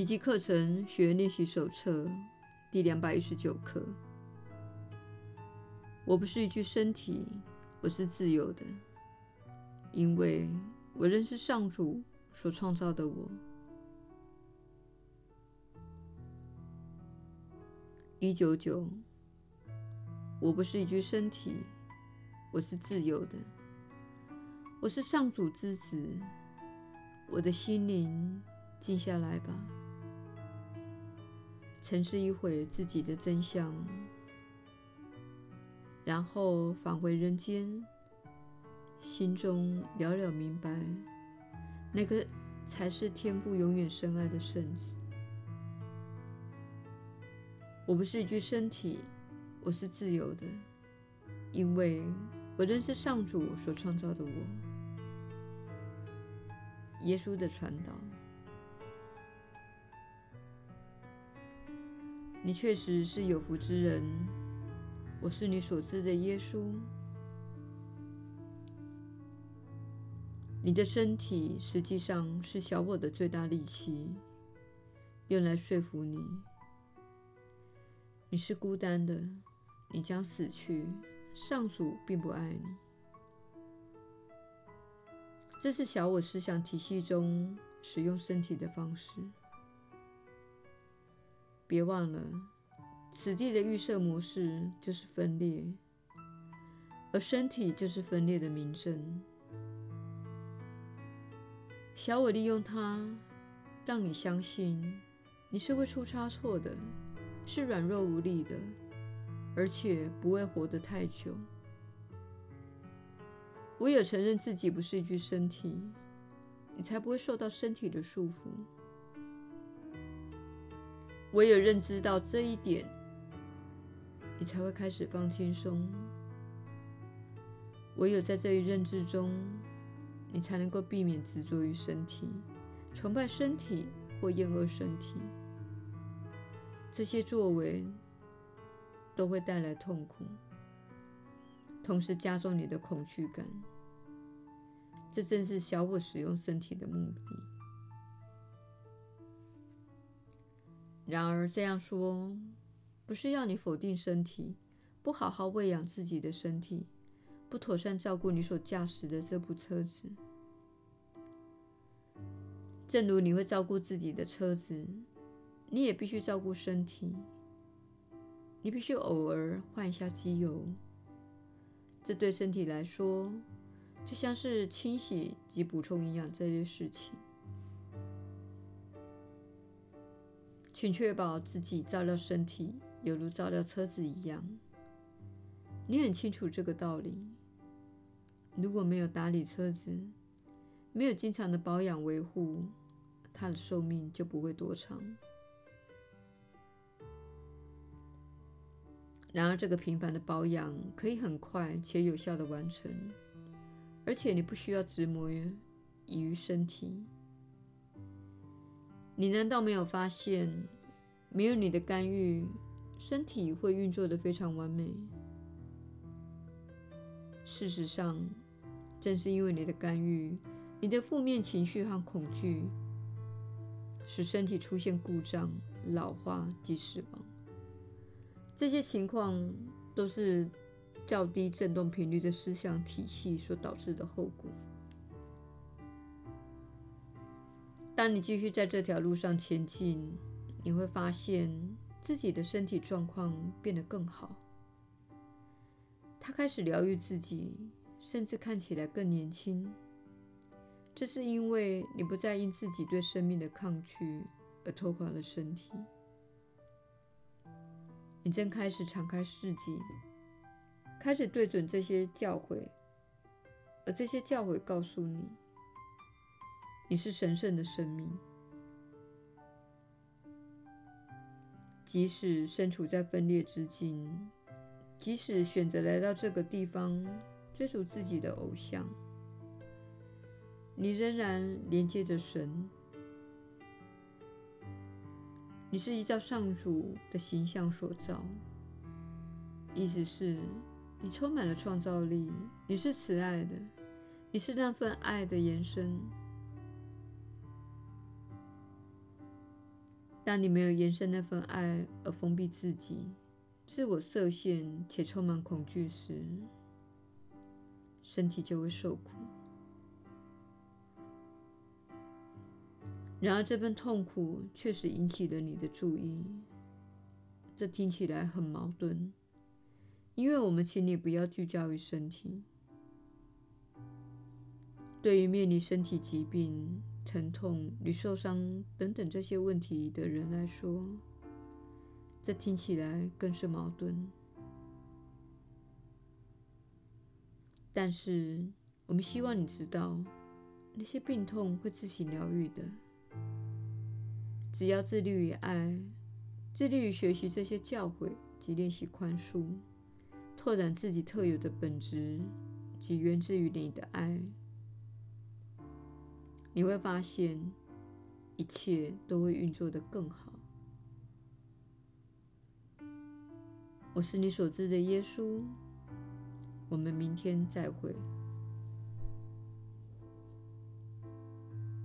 奇蹟課程學員練習手冊第兩百一十九課。我不是一具身體，我是自由的，因為我仍是上主所創造的我。一九九，我不是一具身體，我是自由的，我是上主之子，我的心靈靜下來吧。沉思一會自己的真相，然後返回人間，心中了了明白，那個才是天父永遠深愛的聖子。我不是一具身體，我是自由的，因為我仍是上主所創造的我。耶穌的傳導。你確實是有福之人，我是你所知的耶穌。你的身體實際上是小我的最大利器，用來說服你。你是孤單的，你將死去，上主並不愛你。這是小我思想體系中使用身體的方式。別忘了，此地的預設模式就是分裂，而身體就是分裂的明證。小我利用它，讓你相信你是會出差錯的，是軟弱無力的，而且不會活得太久。唯有承認自己不是一具身體，你才不會受到身體的束縛。唯有認知到這一點，你才會開始放輕鬆。唯有在這一認知中，你才能夠避免執着於身體、崇拜身體或厭惡身體。這些作為都會帶來痛苦，同時加重你的恐懼感。這正是小我使用身體的目的。然而，這樣說，不是要你否定身體，不好好餵養自己的身體，不妥善照顧你所駕駛的這部車子。正如你會照顧自己的車子，你也必須照顧身體。你必須偶爾換一下機油，這對身體來說，就像是清洗及補充營養這些事情。請確保自己照料身體，猶如照料車子一樣。你很清楚這個道理。如果沒有打理車子，沒有經常的保養維護，它的壽命就不會多長。然而，這個平凡的保養可以很快且有效地完成，而且你不需要折磨於,於身體。你難道沒有發現，沒有你的干預，身體會運作得非常完美？事實上，正是因為你的干預，你的負面情緒和恐懼，使身體出現故障、老化及死亡。這些情況都是較低振動頻率的思想體系所導致的後果。當你繼續在這條路上前進，你會發現自己的身體狀況變得更好。他開始療癒自己，甚至看起來更年輕。這是因為你不再因自己對生命的抗拒而拖垮了身體。你正開始敞開自己，開始對準這些教誨，而這些教誨告訴你。你是神聖的生命，即使身處在分裂之境，即使選擇來到這個地方追逐自己的偶像，你仍然連接着神。你是依照上主的形象所造，意思是，你充滿了創造力，你是慈愛的，你是那份愛的延伸。當你沒有延伸那份愛而封閉自己、自我設限且充滿恐懼時，身體就會受苦。然而，這份痛苦確實引起了你的注意。這聽起來很矛盾，因為我們請你不要聚焦於身體。對於面臨身體疾病，疼痛與受傷等等這些問題的人來說，這聽起來更是矛盾。但是，我們希望你知道，那些病痛會自行療癒的。只要自律於愛，自律於學習這些教誨及練習寬恕，拓展自己特有的本質及源自於你的愛。你會發現，一切都會運作得更好。我是你所知的耶穌。我們明天再會。